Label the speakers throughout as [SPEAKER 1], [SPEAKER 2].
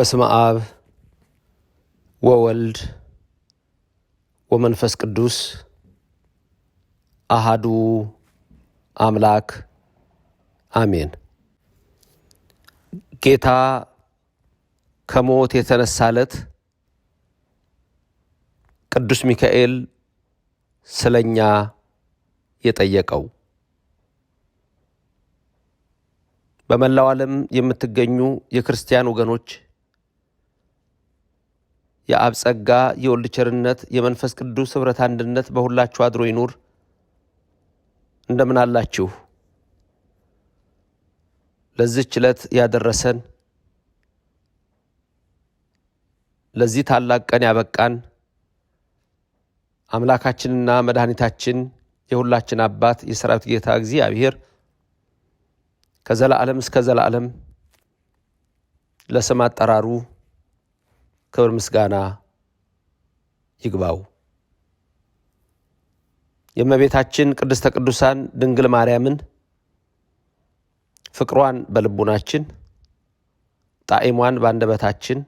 [SPEAKER 1] በስመ አብ ወወልድ ወመንፈስ ቅዱስ አሃዱ አምላክ አሜን። ጌታ ከሞት የተነሳለት ቅዱስ ሚካኤል ስለኛ የጠየቀው በመላው ዓለም የምትገኙ የክርስቲያን ወገኖች የአብ ጸጋ የወልድ ቸርነት የመንፈስ ቅዱስ ኅብረት አንድነት በሁላችሁ አድሮ ይኑር። እንደምን አላችሁ? ለዚህ ዕለት ያደረሰን ለዚህ ታላቅ ቀን ያበቃን አምላካችንና መድኃኒታችን የሁላችን አባት የሰራዊት ጌታ እግዚአብሔር ከዘላዓለም እስከ ዘላዓለም ለስም አጠራሩ ክብር ምስጋና ይግባው። የእመቤታችን ቅድስተ ቅዱሳን ድንግል ማርያምን ፍቅሯን በልቡናችን ጣዕሟን በአንደበታችን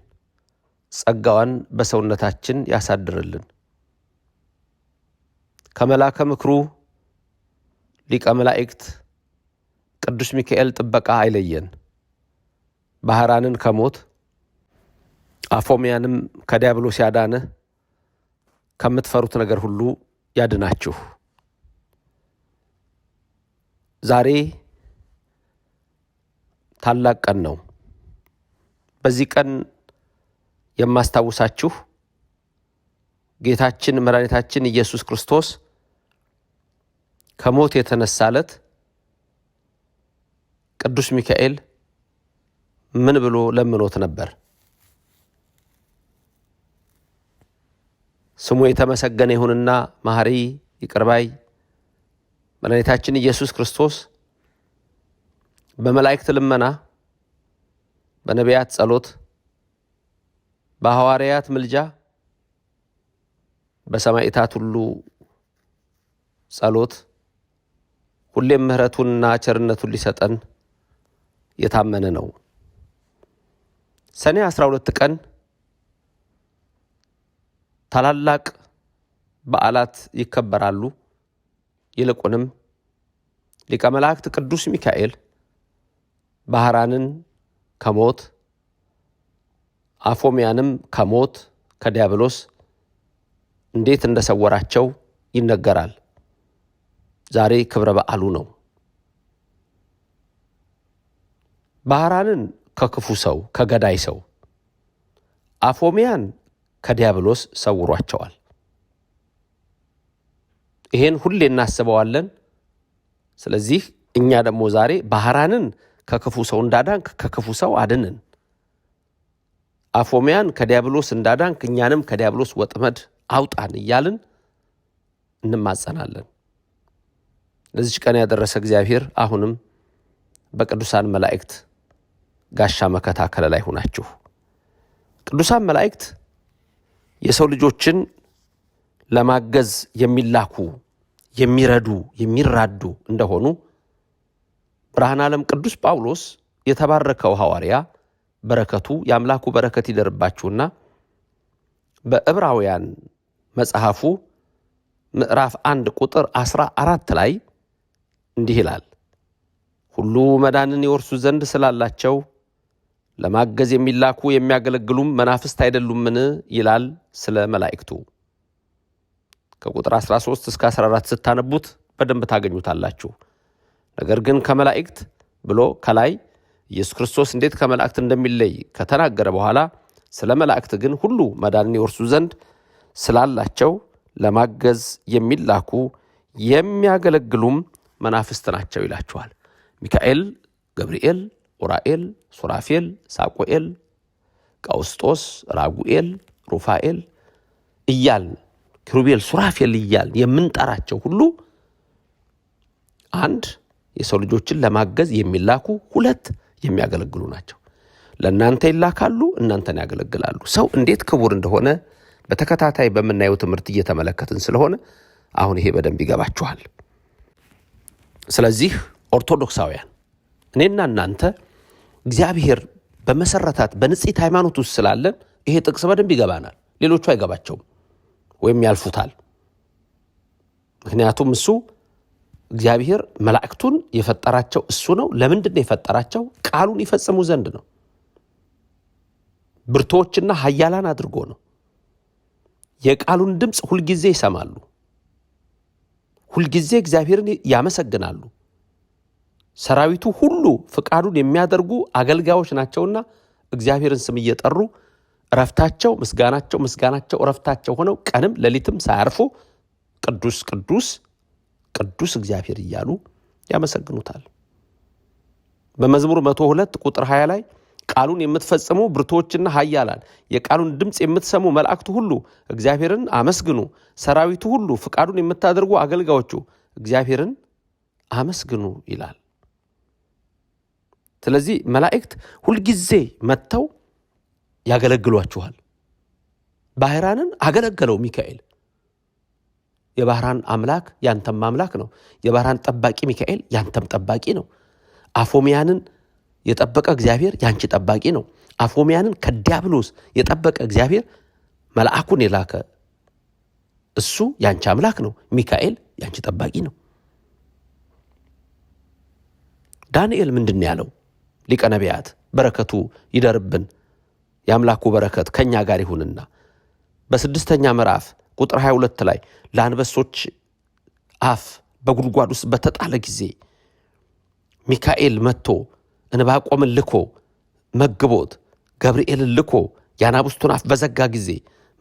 [SPEAKER 1] ጸጋዋን በሰውነታችን ያሳድርልን። ከመላከ ምክሩ ሊቀ መላእክት ቅዱስ ሚካኤል ጥበቃ አይለየን። ባህራንን ከሞት አፎሚያንም ከዲያብሎስ ያዳነ ከምትፈሩት ነገር ሁሉ ያድናችሁ። ዛሬ ታላቅ ቀን ነው። በዚህ ቀን የማስታውሳችሁ ጌታችን መድኃኒታችን ኢየሱስ ክርስቶስ ከሞት የተነሳለት ቅዱስ ሚካኤል ምን ብሎ ለምኖት ነበር? ስሙ የተመሰገነ ይሁንና መሐሪ ይቅርባይ መድኃኒታችን ኢየሱስ ክርስቶስ በመላእክት ልመና፣ በነቢያት ጸሎት፣ በሐዋርያት ምልጃ፣ በሰማዕታት ሁሉ ጸሎት ሁሌም ምሕረቱንና ቸርነቱን ሊሰጠን የታመነ ነው። ሰኔ 12 ቀን ታላላቅ በዓላት ይከበራሉ። ይልቁንም ሊቀ መላእክት ቅዱስ ሚካኤል ባህራንን ከሞት አፎሚያንም ከሞት ከዲያብሎስ እንዴት እንደሰወራቸው ይነገራል። ዛሬ ክብረ በዓሉ ነው። ባህራንን ከክፉ ሰው ከገዳይ ሰው አፎሚያን ከዲያብሎስ ሰውሯቸዋል። ይሄን ሁሌ እናስበዋለን። ስለዚህ እኛ ደግሞ ዛሬ ባህራንን ከክፉ ሰው እንዳዳንክ ከክፉ ሰው አድንን፣ አፎሚያን ከዲያብሎስ እንዳዳንክ እኛንም ከዲያብሎስ ወጥመድ አውጣን እያልን እንማጸናለን። ለዚች ቀን ያደረሰ እግዚአብሔር አሁንም በቅዱሳን መላእክት ጋሻ መከታ ከለላ ሁናችሁ ቅዱሳን መላእክት የሰው ልጆችን ለማገዝ የሚላኩ የሚረዱ የሚራዱ እንደሆኑ ብርሃን ዓለም ቅዱስ ጳውሎስ የተባረከው ሐዋርያ በረከቱ የአምላኩ በረከት ይደርባችሁና በዕብራውያን መጽሐፉ ምዕራፍ አንድ ቁጥር አስራ አራት ላይ እንዲህ ይላል ሁሉ መዳንን ይወርሱ ዘንድ ስላላቸው ለማገዝ የሚላኩ የሚያገለግሉም መናፍስት አይደሉምን? ይላል ስለ መላእክቱ። ከቁጥር 13 እስከ 14 ስታነቡት በደንብ ታገኙታላችሁ። ነገር ግን ከመላእክት ብሎ ከላይ ኢየሱስ ክርስቶስ እንዴት ከመላእክት እንደሚለይ ከተናገረ በኋላ ስለ መላእክት ግን ሁሉ መዳንን ይወርሱ ዘንድ ስላላቸው ለማገዝ የሚላኩ የሚያገለግሉም መናፍስት ናቸው ይላቸዋል። ሚካኤል፣ ገብርኤል ኡራኤል፣ ሱራፌል፣ ሳቁኤል፣ ቀውስጦስ፣ ራጉኤል፣ ሩፋኤል እያል ኪሩቤል፣ ሱራፌል እያል የምንጠራቸው ሁሉ አንድ የሰው ልጆችን ለማገዝ የሚላኩ ሁለት የሚያገለግሉ ናቸው። ለእናንተ ይላካሉ፣ እናንተን ያገለግላሉ። ሰው እንዴት ክቡር እንደሆነ በተከታታይ በምናየው ትምህርት እየተመለከትን ስለሆነ አሁን ይሄ በደንብ ይገባችኋል። ስለዚህ ኦርቶዶክሳውያን እኔና እናንተ እግዚአብሔር በመሰረታት በንጽት ሃይማኖት ውስጥ ስላለን ይሄ ጥቅስ በደንብ ይገባናል። ሌሎቹ አይገባቸውም ወይም ያልፉታል። ምክንያቱም እሱ እግዚአብሔር መላእክቱን የፈጠራቸው እሱ ነው። ለምንድን ነው የፈጠራቸው? ቃሉን ይፈጽሙ ዘንድ ነው። ብርቶዎችና ሀያላን አድርጎ ነው። የቃሉን ድምፅ ሁልጊዜ ይሰማሉ። ሁልጊዜ እግዚአብሔርን ያመሰግናሉ። ሰራዊቱ ሁሉ ፍቃዱን የሚያደርጉ አገልጋዮች ናቸውና እግዚአብሔርን ስም እየጠሩ እረፍታቸው ምስጋናቸው ምስጋናቸው እረፍታቸው ሆነው ቀንም ሌሊትም ሳያርፉ ቅዱስ ቅዱስ ቅዱስ እግዚአብሔር እያሉ ያመሰግኑታል። በመዝሙር 102 ቁጥር 20 ላይ ቃሉን የምትፈጽሙ ብርቶችና ኃያላን የቃሉን ድምፅ የምትሰሙ መላእክቱ ሁሉ እግዚአብሔርን አመስግኑ፣ ሰራዊቱ ሁሉ ፍቃዱን የምታደርጉ አገልጋዮቹ እግዚአብሔርን አመስግኑ ይላል። ስለዚህ መላእክት ሁልጊዜ መጥተው ያገለግሏችኋል። ባህራንን አገለገለው ሚካኤል። የባህራን አምላክ ያንተም አምላክ ነው። የባህራን ጠባቂ ሚካኤል ያንተም ጠባቂ ነው። አፎሚያንን የጠበቀ እግዚአብሔር ያንቺ ጠባቂ ነው። አፎሚያንን ከዲያብሎስ የጠበቀ እግዚአብሔር መልአኩን የላከ እሱ ያንቺ አምላክ ነው። ሚካኤል ያንቺ ጠባቂ ነው። ዳንኤል ምንድን ያለው? ሊቀ ነቢያት በረከቱ ይደርብን፣ የአምላኩ በረከት ከእኛ ጋር ይሁንና በስድስተኛ ምዕራፍ ቁጥር 22 ላይ ለአንበሶች አፍ በጉድጓድ ውስጥ በተጣለ ጊዜ ሚካኤል መጥቶ እንባቆምን ልኮ መግቦት፣ ገብርኤልን ልኮ የአናብስቱን አፍ በዘጋ ጊዜ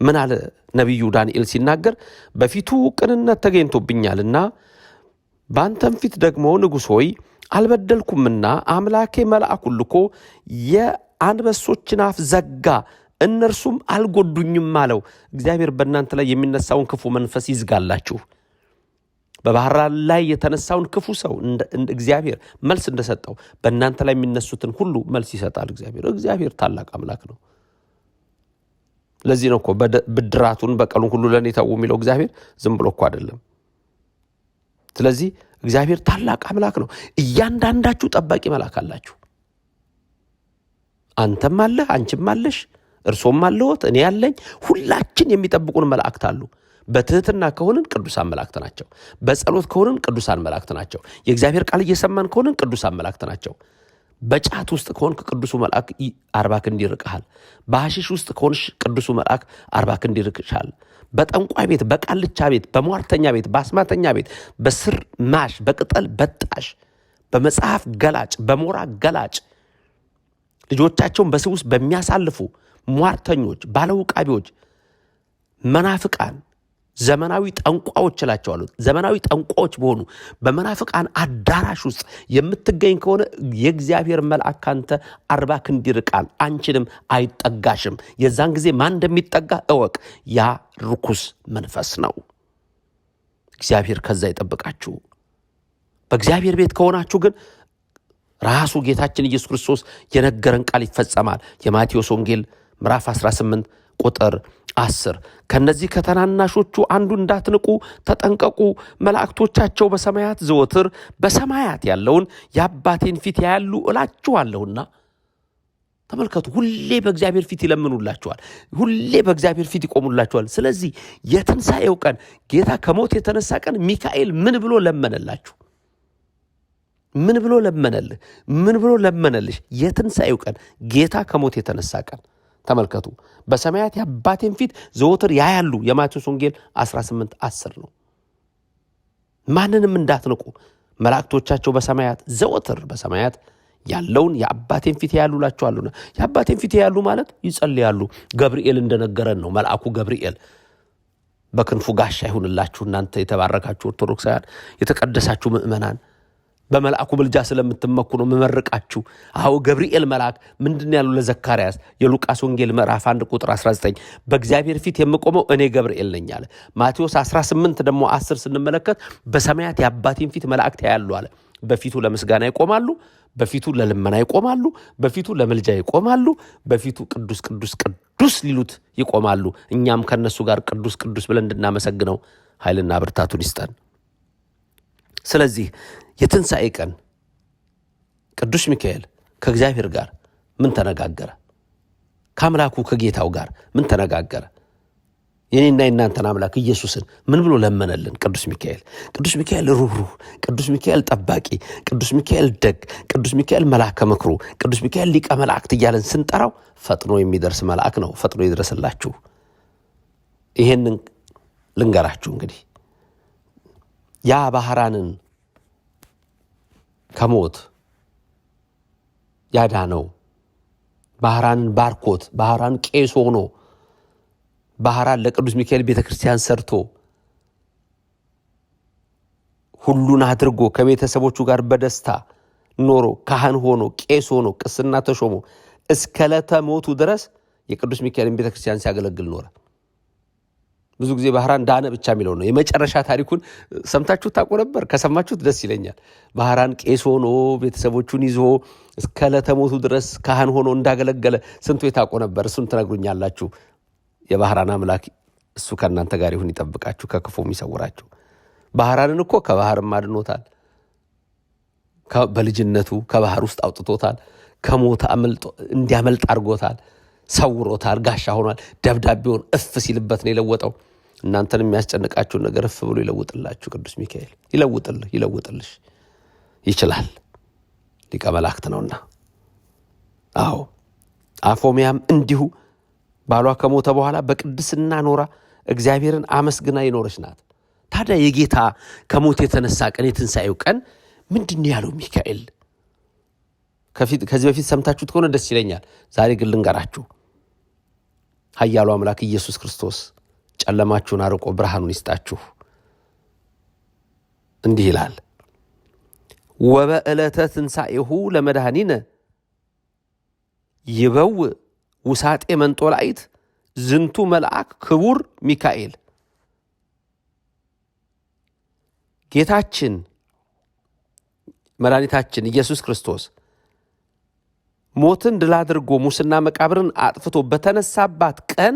[SPEAKER 1] ምን አለ ነቢዩ ዳንኤል ሲናገር በፊቱ ቅንነት ተገኝቶብኛልና በአንተም ፊት ደግሞ ንጉሥ ሆይ አልበደልኩምና አምላኬ መልአኩን ልኮ የአንበሶችን አፍ ዘጋ፣ እነርሱም አልጎዱኝም አለው። እግዚአብሔር በእናንተ ላይ የሚነሳውን ክፉ መንፈስ ይዝጋላችሁ። በባህር ላይ የተነሳውን ክፉ ሰው እግዚአብሔር መልስ እንደሰጠው በእናንተ ላይ የሚነሱትን ሁሉ መልስ ይሰጣል። እግዚአብሔር እግዚአብሔር ታላቅ አምላክ ነው። ለዚህ ነው እኮ ብድራቱን በቀሉን ሁሉ ለእኔ ተው የሚለው እግዚአብሔር ዝም ብሎ እኮ አይደለም። ስለዚህ እግዚአብሔር ታላቅ አምላክ ነው። እያንዳንዳችሁ ጠባቂ መልአክ አላችሁ። አንተም አለህ፣ አንቺም አለሽ፣ እርሶም አለዎት፣ እኔ ያለኝ ሁላችን የሚጠብቁን መላእክት አሉ። በትህትና ከሆንን ቅዱሳን መላእክት ናቸው። በጸሎት ከሆንን ቅዱሳን መላእክት ናቸው። የእግዚአብሔር ቃል እየሰማን ከሆንን ቅዱሳን መላእክት ናቸው። በጫት ውስጥ ከሆንክ ቅዱሱ መልአክ አርባ ክንድ ይርቅሃል። ውስጥ ከሆንሽ ቅዱሱ መልአክ አርባ ክንድ ይርቅሻል። በጠንቋይ ቤት፣ በቃልቻ ቤት፣ በሟርተኛ ቤት፣ በአስማተኛ ቤት፣ በስር ማሽ፣ በቅጠል በጣሽ፣ በመጽሐፍ ገላጭ፣ በሞራ ገላጭ ልጆቻቸውን በስውስጥ በሚያሳልፉ ሟርተኞች፣ ባለውቃቢዎች፣ መናፍቃን ዘመናዊ ጠንቋዎች እላቸዋለሁ። ዘመናዊ ጠንቋዎች በሆኑ በመናፍቃን አዳራሽ ውስጥ የምትገኝ ከሆነ የእግዚአብሔር መልአክ ካንተ አርባ ክንድ ይርቃል፣ አንቺንም አይጠጋሽም። የዛን ጊዜ ማን እንደሚጠጋ እወቅ። ያ ርኩስ መንፈስ ነው። እግዚአብሔር ከዛ ይጠብቃችሁ። በእግዚአብሔር ቤት ከሆናችሁ ግን ራሱ ጌታችን ኢየሱስ ክርስቶስ የነገረን ቃል ይፈጸማል። የማቴዎስ ወንጌል ምዕራፍ 18 ቁጥር አስር ከእነዚህ ከተናናሾቹ አንዱ እንዳትንቁ ተጠንቀቁ። መላእክቶቻቸው በሰማያት ዘወትር በሰማያት ያለውን የአባቴን ፊት ያያሉ እላችኋለሁና። ተመልከቱ፣ ሁሌ በእግዚአብሔር ፊት ይለምኑላችኋል። ሁሌ በእግዚአብሔር ፊት ይቆሙላችኋል። ስለዚህ የትንሣኤው ቀን ጌታ ከሞት የተነሳ ቀን ሚካኤል ምን ብሎ ለመነላችሁ? ምን ብሎ ለመነልህ? ምን ብሎ ለመነልሽ? የትንሣኤው ቀን ጌታ ከሞት የተነሳ ቀን ተመልከቱ። በሰማያት የአባቴን ፊት ዘወትር ያያሉ። የማቴዎስ ወንጌል 18 10 ነው። ማንንም እንዳትንቁ መላእክቶቻቸው በሰማያት ዘወትር በሰማያት ያለውን የአባቴን ፊት ያሉ ላቸዋሉና የአባቴን ፊት ያሉ ማለት ይጸልያሉ። ገብርኤል እንደነገረን ነው መልአኩ ገብርኤል በክንፉ ጋሻ ይሁንላችሁ እናንተ የተባረካችሁ ኦርቶዶክሳውያን የተቀደሳችሁ ምእመናን በመልአኩ ምልጃ ስለምትመኩ ነው መመርቃችሁ። አሁ ገብርኤል መልአክ ምንድን ያሉ ለዘካርያስ የሉቃስ ወንጌል ምዕራፍ 1 ቁጥር 19 በእግዚአብሔር ፊት የምቆመው እኔ ገብርኤል ነኝ አለ። ማቴዎስ 18 ደግሞ 10 ስንመለከት በሰማያት የአባቴን ፊት መላእክት ያያሉ አለ። በፊቱ ለምስጋና ይቆማሉ፣ በፊቱ ለልመና ይቆማሉ፣ በፊቱ ለምልጃ ይቆማሉ፣ በፊቱ ቅዱስ ቅዱስ ቅዱስ ሊሉት ይቆማሉ። እኛም ከነሱ ጋር ቅዱስ ቅዱስ ብለን እንድናመሰግነው ኃይልና ብርታቱን ይስጠን። ስለዚህ የትንሣኤ ቀን ቅዱስ ሚካኤል ከእግዚአብሔር ጋር ምን ተነጋገረ? ከአምላኩ ከጌታው ጋር ምን ተነጋገረ? የኔና የናንተን አምላክ ኢየሱስን ምን ብሎ ለመነልን? ቅዱስ ሚካኤል ቅዱስ ሚካኤል ሩህሩህ፣ ቅዱስ ሚካኤል ጠባቂ፣ ቅዱስ ሚካኤል ደግ፣ ቅዱስ ሚካኤል መልአከ ምክሩ፣ ቅዱስ ሚካኤል ሊቀ መላእክት እያለን ስንጠራው ፈጥኖ የሚደርስ መልአክ ነው። ፈጥኖ ይድረስላችሁ። ይሄንን ልንገራችሁ እንግዲህ ያ ባህራንን ከሞት ያዳነው ባህራንን ባርኮት ባህራን ቄስ ሆኖ ባህራን ለቅዱስ ሚካኤል ቤተ ክርስቲያን ሰርቶ ሁሉን አድርጎ ከቤተሰቦቹ ጋር በደስታ ኖሮ ካህን ሆኖ ቄስ ሆኖ ቅስና ተሾሞ እስከ ሞቱ ድረስ የቅዱስ ሚካኤልን ቤተ ክርስቲያን ሲያገለግል ኖረ። ብዙ ጊዜ ባህራን ዳነ ብቻ የሚለው ነው። የመጨረሻ ታሪኩን ሰምታችሁት ታውቁ ነበር? ከሰማችሁት ደስ ይለኛል። ባህራን ቄስ ሆኖ ቤተሰቦቹን ይዞ እስከ ለተሞቱ ድረስ ካህን ሆኖ እንዳገለገለ ስንቱ የታውቁ ነበር? እሱን ትነግሩኛላችሁ። የባህራን አምላክ እሱ ከእናንተ ጋር ይሁን፣ ይጠብቃችሁ፣ ከክፉም ይሰውራችሁ። ባህራንን እኮ ከባህርም አድኖታል። በልጅነቱ ከባህር ውስጥ አውጥቶታል። ከሞት እንዲያመልጥ አድርጎታል። ሰውሮታል፣ ጋሻ ሆኗል። ደብዳቤውን እፍ ሲልበት ነው የለወጠው። እናንተን የሚያስጨንቃችሁን ነገር እፍ ብሎ ይለውጥላችሁ። ቅዱስ ሚካኤል ይለውጥልህ፣ ይለውጥልሽ። ይችላል፣ ሊቀ መላእክት ነውና። አዎ አፎሚያም እንዲሁ ባሏ ከሞተ በኋላ በቅድስና ኖራ እግዚአብሔርን አመስግና የኖረች ናት። ታዲያ የጌታ ከሞት የተነሳ ቀን የትንሣኤው ቀን ምንድን ያለው ሚካኤል? ከዚህ በፊት ሰምታችሁት ከሆነ ደስ ይለኛል። ዛሬ ግን ልንገራችሁ። ኃያሉ አምላክ ኢየሱስ ክርስቶስ ጨለማችሁን አርቆ ብርሃኑን ይስጣችሁ። እንዲህ ይላል ወበዕለተ ትንሣኤሁ ለመድኃኒነ ይበው ውሳጤ መንጦላይት ዝንቱ መልአክ ክቡር ሚካኤል ጌታችን መድኃኒታችን ኢየሱስ ክርስቶስ ሞትን ድል አድርጎ ሙስና መቃብርን አጥፍቶ በተነሳባት ቀን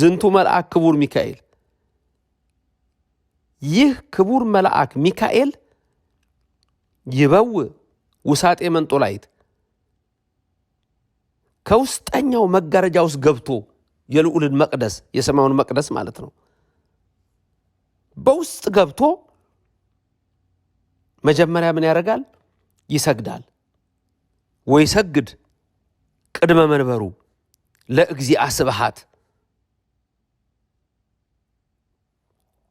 [SPEAKER 1] ዝንቱ መልአክ ክቡር ሚካኤል። ይህ ክቡር መልአክ ሚካኤል ይበው ውሳጤ መንጦላይት ከውስጠኛው መጋረጃ ውስጥ ገብቶ የልዑልን መቅደስ የሰማዩን መቅደስ ማለት ነው። በውስጥ ገብቶ መጀመሪያ ምን ያደርጋል? ይሰግዳል ወይ ሰግድ ቅድመ መንበሩ ለእግዚአ ስብሃት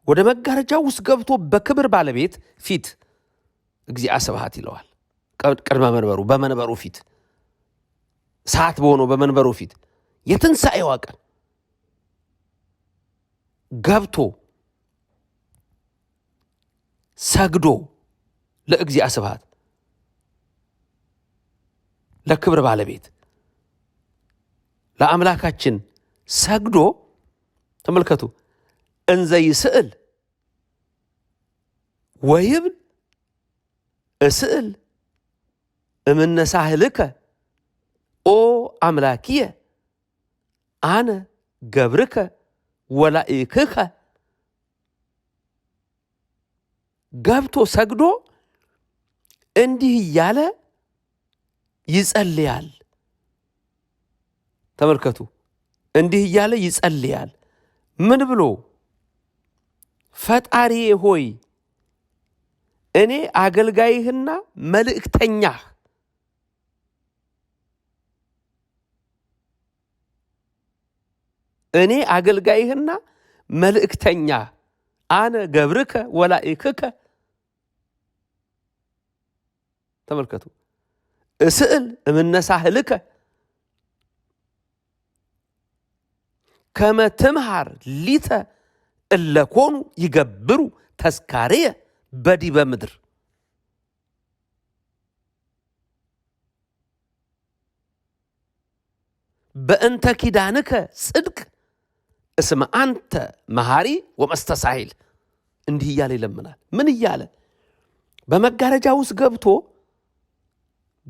[SPEAKER 1] ወደ መጋረጃ ውስጥ ገብቶ በክብር ባለቤት ፊት እግዚአ ስብሃት ይለዋል። ቅድመ መንበሩ በመንበሩ ፊት ሰዓት በሆነው በመንበሩ ፊት የትንሣኤዋ ቀን ገብቶ ሰግዶ ለእግዚአ ስብሃት ለክብር ባለቤት ለአምላካችን ሰግዶ ተመልከቱ እንዘይ ስዕል ወይብል እስዕል እምነሳህልከ ኦ አምላክየ አነ ገብርከ ወላኢክከ ገብቶ ሰግዶ እንዲህ እያለ ይጸልያል። ተመልከቱ፣ እንዲህ እያለ ይጸልያል። ምን ብሎ? ፈጣሪዬ ሆይ እኔ አገልጋይህና መልእክተኛህ እኔ አገልጋይህና መልእክተኛ አነ ገብርከ ወላኢክከ። ተመልከቱ እስእል እምነሳህልከ ከመ ትምሃር ሊተ እለኮኑ ይገብሩ ተስካርየ በዲበ ምድር በእንተ ኪዳንከ ጽድቅ እስመ አንተ መሐሪ ወመስተሳሂል። እንዲህ እያለ ይለምናል። ምን እያለ በመጋረጃ ውስጥ ገብቶ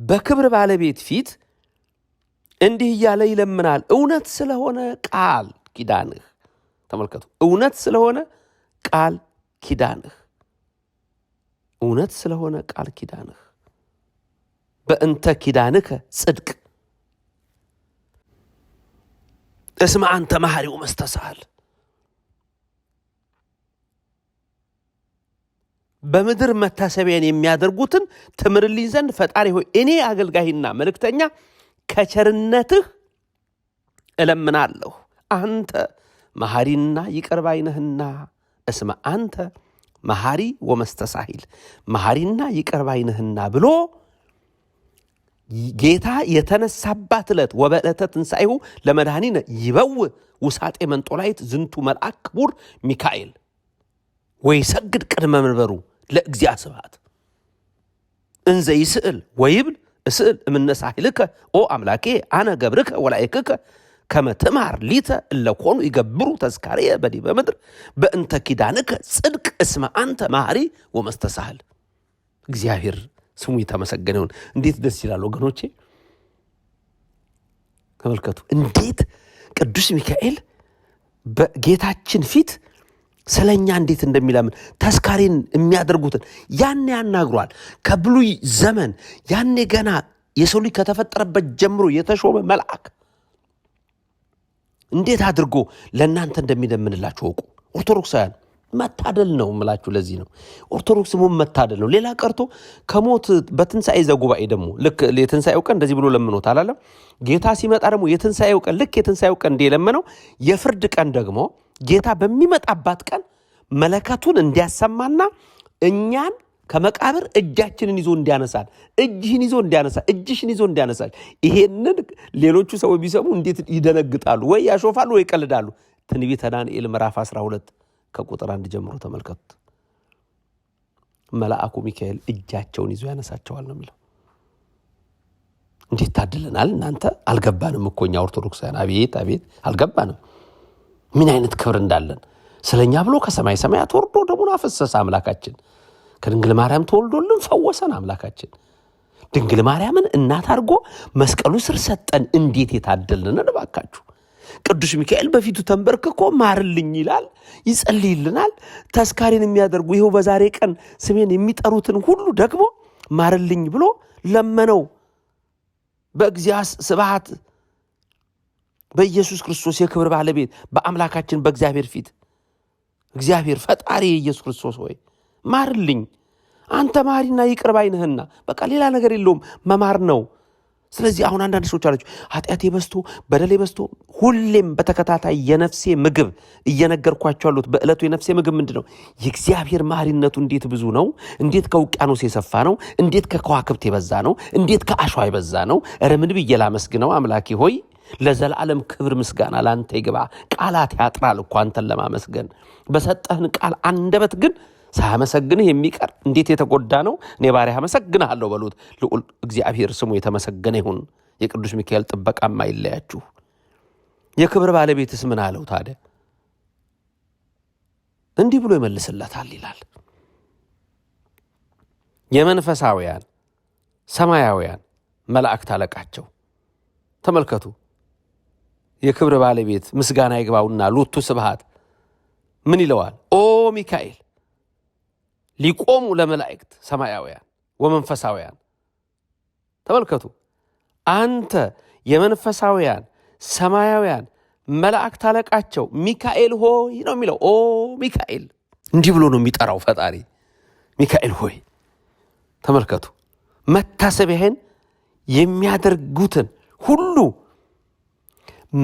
[SPEAKER 1] በክብር ባለቤት ፊት እንዲህ እያለ ይለምናል። እውነት ስለሆነ ቃል ኪዳንህ ተመልከቱ። እውነት ስለሆነ ቃል ኪዳንህ እውነት ስለሆነ ቃል ኪዳንህ በእንተ ኪዳንከ ጽድቅ እስመ አንተ መሐሪው መስተሳህል በምድር መታሰቢያን የሚያደርጉትን ትምርልኝ ዘንድ ፈጣሪ ሆይ እኔ አገልጋይና መልእክተኛ ከቸርነትህ እለምናለሁ። አንተ መሐሪና ይቅር ባይ ነህና እስመ አንተ መሐሪ ወመስተሳሂል መሐሪና ይቅር ባይ ነህና ብሎ ጌታ የተነሳባት ዕለት ወበዕለተ ትንሣኤሁ ለመድኃኒነ ይበው ውሳጤ መንጦላይት ዝንቱ መልአክ ክቡር ሚካኤል ወይ ሰግድ ቅድመ መንበሩ ለእግዚአ ስብሐት እንዘ ይስእል ወይብል እስእል እምነሳሕልከ ኦ አምላኬ አነ ገብርከ ወላይክከ ከመ ትምሃር ሊተ እለኮኑ ይገብሩ ተዝካርየ በዲበ ምድር በእንተ ኪዳንከ ጽድቅ እስመ አንተ መሐሪ ወመስተሳህል። እግዚአብሔር ስሙ የተመሰገነ ይሁን። እንዴት ደስ ይላል ወገኖቼ! ተመልከቱ እንዴት ቅዱስ ሚካኤል በጌታችን ፊት ስለ እኛ እንዴት እንደሚለምን ተስካሪን የሚያደርጉትን ያኔ ያናግሯል። ከብሉይ ዘመን ያኔ ገና የሰው ልጅ ከተፈጠረበት ጀምሮ የተሾመ መልአክ እንዴት አድርጎ ለእናንተ እንደሚለምንላችሁ እወቁ። ኦርቶዶክሳውያን መታደል ነው ምላችሁ። ለዚህ ነው። ኦርቶዶክስ መሆን መታደል ነው። ሌላ ቀርቶ ከሞት በትንሣኤ ዘጉባኤ ደግሞ ልክ የትንሣኤው ቀን እንደዚህ ብሎ ለምኖት አላለም። ጌታ ሲመጣ ደግሞ የትንሣኤው ቀን ልክ የትንሣኤው ቀን እንደለመነው የፍርድ ቀን ደግሞ ጌታ በሚመጣባት ቀን መለከቱን እንዲያሰማና እኛን ከመቃብር እጃችንን ይዞ እንዲያነሳል። እጅህን ይዞ እንዲያነሳ፣ እጅሽን ይዞ እንዲያነሳል። ይሄንን ሌሎቹ ሰው ቢሰሙ እንዴት ይደነግጣሉ? ወይ ያሾፋሉ፣ ወይ ይቀልዳሉ። ትንቢተ ዳንኤል ምዕራፍ 12 ከቁጥር አንድ ጀምሮ ተመልከቱት። መልአኩ ሚካኤል እጃቸውን ይዞ ያነሳቸዋል ነው የሚለው። እንዴት ታድለናል! እናንተ አልገባንም እኮ እኛ ኦርቶዶክሳውያን። አቤት አቤት፣ አልገባንም። ምን አይነት ክብር እንዳለን ስለኛ ብሎ ከሰማይ ሰማያት ወርዶ ደሙን አፈሰሰ አምላካችን። ከድንግል ማርያም ተወልዶልን ፈወሰን አምላካችን። ድንግል ማርያምን እናት አድርጎ መስቀሉ ስር ሰጠን። እንዴት የታደልንን እባካችሁ። ቅዱስ ሚካኤል በፊቱ ተንበርክኮ ማርልኝ ይላል፣ ይጸልይልናል። ተስካሪን የሚያደርጉ ይኸው በዛሬ ቀን ስሜን የሚጠሩትን ሁሉ ደግሞ ማርልኝ ብሎ ለመነው። በእግዚአ ስብሐት በኢየሱስ ክርስቶስ የክብር ባለቤት በአምላካችን በእግዚአብሔር ፊት እግዚአብሔር ፈጣሪ የኢየሱስ ክርስቶስ ሆይ ማርልኝ። አንተ ማሪና ይቅር ባይ ነህና፣ በቃ ሌላ ነገር የለውም መማር ነው። ስለዚህ አሁን አንዳንድ ሰዎች አላችሁ ኃጢአቴ በዝቶ በደሌ በዝቶ፣ ሁሌም በተከታታይ የነፍሴ ምግብ እየነገርኳቸው ያሉት በዕለቱ የነፍሴ ምግብ ምንድን ነው? የእግዚአብሔር ማሪነቱ እንዴት ብዙ ነው! እንዴት ከውቅያኖስ የሰፋ ነው! እንዴት ከከዋክብት የበዛ ነው! እንዴት ከአሸዋ የበዛ ነው! ኧረ ብዬ ላመስግነው አምላኬ ሆይ ለዘላለም ክብር ምስጋና ለአንተ ይግባ። ቃላት ያጥራል እኮ አንተን ለማመስገን በሰጠህን ቃል አንደበት ግን ሳያመሰግንህ የሚቀር እንዴት የተጎዳ ነው። እኔ ባሪያህ አመሰግንሃለሁ በሉት። ልዑል እግዚአብሔር ስሙ የተመሰገነ ይሁን። የቅዱስ ሚካኤል ጥበቃም አይለያችሁ። የክብር ባለቤትስ ምን አለው ታዲያ? እንዲህ ብሎ ይመልስለታል ይላል። የመንፈሳውያን ሰማያውያን መላእክት አለቃቸው ተመልከቱ። የክብር ባለቤት ምስጋና ይግባውና ሎቱ ስብሃት ምን ይለዋል? ኦ ሚካኤል ሊቆሙ ለመላእክት ሰማያውያን ወመንፈሳውያን። ተመልከቱ፣ አንተ የመንፈሳውያን ሰማያውያን መላእክት አለቃቸው ሚካኤል ሆይ ነው የሚለው። ኦ ሚካኤል እንዲህ ብሎ ነው የሚጠራው ፈጣሪ ሚካኤል ሆይ። ተመልከቱ መታሰቢያህን የሚያደርጉትን ሁሉ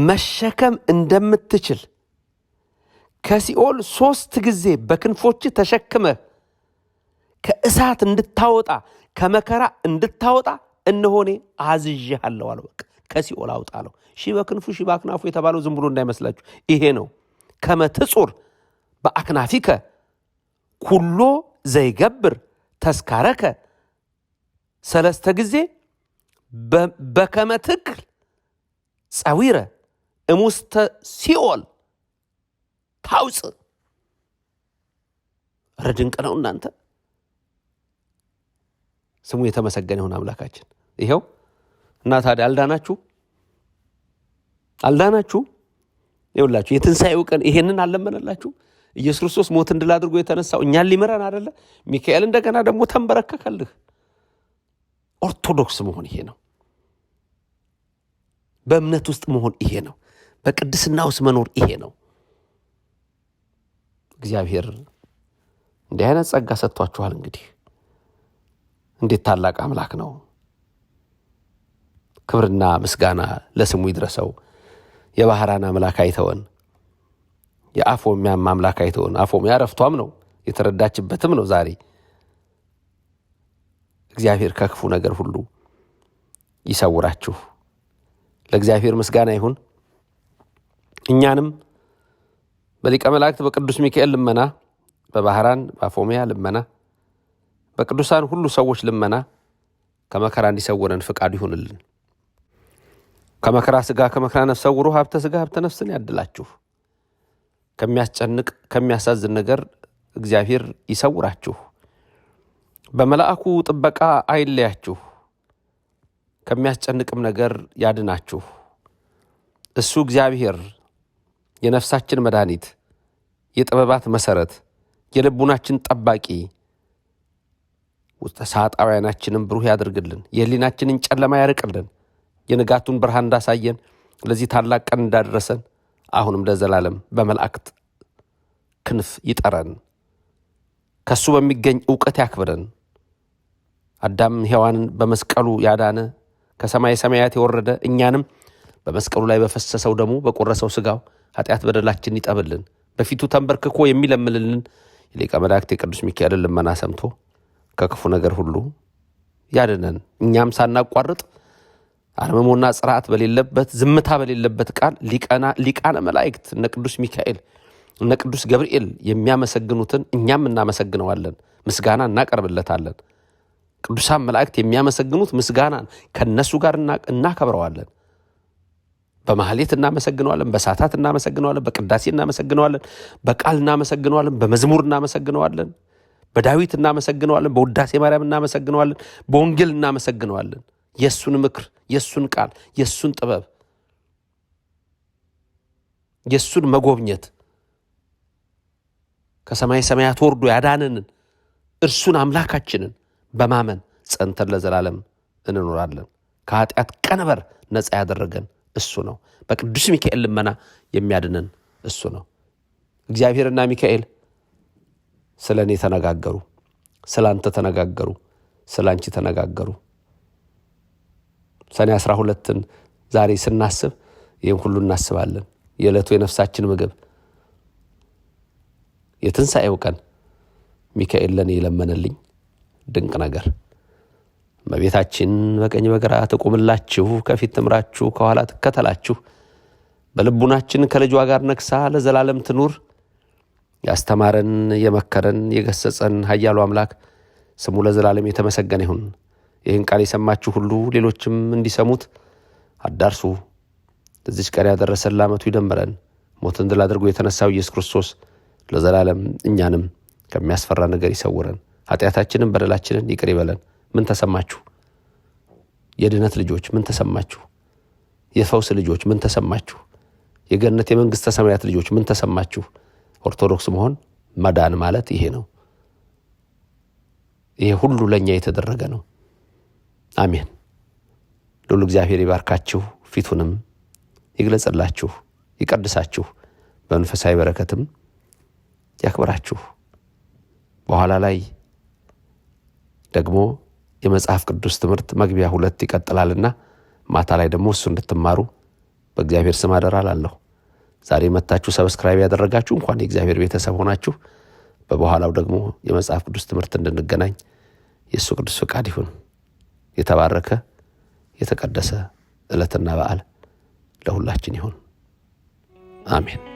[SPEAKER 1] መሸከም እንደምትችል ከሲኦል ሦስት ጊዜ በክንፎች ተሸክመ ከእሳት እንድታወጣ ከመከራ እንድታወጣ እነሆኔ አዝዤሃለሁ አለው። በቃ ከሲኦል አውጣ አለው። ሺ በክንፉ ሺ በአክናፉ የተባለው ዝም ብሎ እንዳይመስላችሁ ይሄ ነው። ከመትጹር በአክናፊከ ኩሎ ዘይገብር ተስካረከ ሰለስተ ጊዜ በከመትክል ጸዊረ እሙስተ ሲኦል ታውፅ። እረ ድንቅ ነው እናንተ። ስሙ የተመሰገነ ይሁን አምላካችን። ይኸው እና ታዲያ አልዳናችሁ አልዳናችሁ ይውላችሁ የትንሣኤው ቀን ይሄንን አለመነላችሁ። ኢየሱስ ክርስቶስ ሞት እንድል አድርጎ የተነሳው እኛን ሊምረን አደለ? ሚካኤል እንደገና ደግሞ ተንበረከከልህ። ኦርቶዶክስ መሆን ይሄ ነው። በእምነት ውስጥ መሆን ይሄ ነው። በቅድስና ውስጥ መኖር ይሄ ነው። እግዚአብሔር እንዲህ አይነት ጸጋ ሰጥቷችኋል። እንግዲህ እንዴት ታላቅ አምላክ ነው! ክብርና ምስጋና ለስሙ ይድረሰው። የባህራን አምላክ አይተወን፣ የሚያም አምላክ አይተወን። አፎ ያረፍቷም ነው የተረዳችበትም ነው ዛሬ እግዚአብሔር ከክፉ ነገር ሁሉ ይሰውራችሁ። ለእግዚአብሔር ምስጋና ይሁን። እኛንም በሊቀ መላእክት በቅዱስ ሚካኤል ልመና፣ በባህራን በአፎሚያ ልመና፣ በቅዱሳን ሁሉ ሰዎች ልመና ከመከራ እንዲሰውረን ፍቃዱ ይሁንልን። ከመከራ ስጋ ከመከራ ነፍስ ሰውሮ ሀብተ ስጋ ሀብተ ነፍስን ያድላችሁ። ከሚያስጨንቅ ከሚያሳዝን ነገር እግዚአብሔር ይሰውራችሁ። በመልአኩ ጥበቃ አይለያችሁ። ከሚያስጨንቅም ነገር ያድናችሁ። እሱ እግዚአብሔር የነፍሳችን መድኃኒት፣ የጥበባት መሠረት፣ የልቡናችን ጠባቂ ውስጠ ሳጣውያናችንን ብሩህ ያድርግልን፣ የህሊናችንን ጨለማ ያርቅልን፣ የንጋቱን ብርሃን እንዳሳየን፣ ለዚህ ታላቅ ቀን እንዳደረሰን አሁንም ለዘላለም በመላእክት ክንፍ ይጠረን፣ ከእሱ በሚገኝ እውቀት ያክብረን። አዳም ሔዋንን በመስቀሉ ያዳነ ከሰማይ ሰማያት የወረደ እኛንም በመስቀሉ ላይ በፈሰሰው ደሙ በቆረሰው ስጋው ኃጢአት በደላችን ይጠብልን። በፊቱ ተንበርክኮ የሚለምልልን የሊቀ መላእክት የቅዱስ ሚካኤልን ልመና ሰምቶ ከክፉ ነገር ሁሉ ያድነን። እኛም ሳናቋርጥ አርምሞና ጽርዓት በሌለበት ዝምታ በሌለበት ቃል ሊቃነ መላእክት እነ ቅዱስ ሚካኤል እነ ቅዱስ ገብርኤል የሚያመሰግኑትን እኛም እናመሰግነዋለን፣ ምስጋና እናቀርብለታለን። ቅዱሳን መላእክት የሚያመሰግኑት ምስጋናን ከነሱ ጋር እናከብረዋለን። በማህሌት እናመሰግነዋለን፣ በሳታት እናመሰግነዋለን፣ በቅዳሴ እናመሰግነዋለን፣ በቃል እናመሰግነዋለን፣ በመዝሙር እናመሰግነዋለን፣ በዳዊት እናመሰግነዋለን፣ በውዳሴ ማርያም እናመሰግነዋለን፣ በወንጌል እናመሰግነዋለን። የእሱን ምክር፣ የእሱን ቃል፣ የእሱን ጥበብ፣ የእሱን መጎብኘት ከሰማይ ሰማያት ወርዶ ያዳነንን እርሱን አምላካችንን በማመን ጸንተን ለዘላለም እንኖራለን። ከኃጢአት ቀንበር ነፃ ያደረገን እሱ ነው። በቅዱስ ሚካኤል ልመና የሚያድነን እሱ ነው። እግዚአብሔርና ሚካኤል ስለ እኔ ተነጋገሩ፣ ስለ አንተ ተነጋገሩ፣ ስለ አንቺ ተነጋገሩ። ሰኔ አስራ ሁለትን ዛሬ ስናስብ ይህም ሁሉ እናስባለን። የዕለቱ የነፍሳችን ምግብ የትንሣኤው ቀን ሚካኤል ለእኔ የለመነልኝ ድንቅ ነገር እመቤታችን በቀኝ በግራ ትቆምላችሁ ከፊት ትምራችሁ፣ ከኋላ ትከተላችሁ። በልቡናችን ከልጇ ጋር ነግሳ ለዘላለም ትኑር። ያስተማረን የመከረን የገሰጸን ኃያሉ አምላክ ስሙ ለዘላለም የተመሰገነ ይሁን። ይህን ቃል የሰማችሁ ሁሉ ሌሎችም እንዲሰሙት አዳርሱ። ለዚች ቀን ያደረሰን ለዓመቱ ይደምረን። ሞትን ድል አድርጎ የተነሳው ኢየሱስ ክርስቶስ ለዘላለም እኛንም ከሚያስፈራ ነገር ይሰውረን። ኃጢአታችንን በደላችንን ይቅር ይበለን። ምን ተሰማችሁ? የድነት ልጆች ምን ተሰማችሁ? የፈውስ ልጆች ምን ተሰማችሁ? የገነት የመንግሥተ ሰማያት ልጆች ምን ተሰማችሁ? ኦርቶዶክስ መሆን መዳን ማለት ይሄ ነው። ይሄ ሁሉ ለእኛ የተደረገ ነው። አሜን። ልዑል እግዚአብሔር ይባርካችሁ፣ ፊቱንም ይግለጽላችሁ፣ ይቀድሳችሁ፣ በመንፈሳዊ በረከትም ያክብራችሁ። በኋላ ላይ ደግሞ የመጽሐፍ ቅዱስ ትምህርት መግቢያ ሁለት ይቀጥላልና ማታ ላይ ደግሞ እሱ እንድትማሩ በእግዚአብሔር ስም አደራላለሁ። ዛሬ መታችሁ ሰብስክራይብ ያደረጋችሁ እንኳን የእግዚአብሔር ቤተሰብ ሆናችሁ በበኋላው ደግሞ የመጽሐፍ ቅዱስ ትምህርት እንድንገናኝ የእሱ ቅዱስ ፍቃድ ይሁን። የተባረከ የተቀደሰ ዕለትና በዓል ለሁላችን ይሁን። አሜን።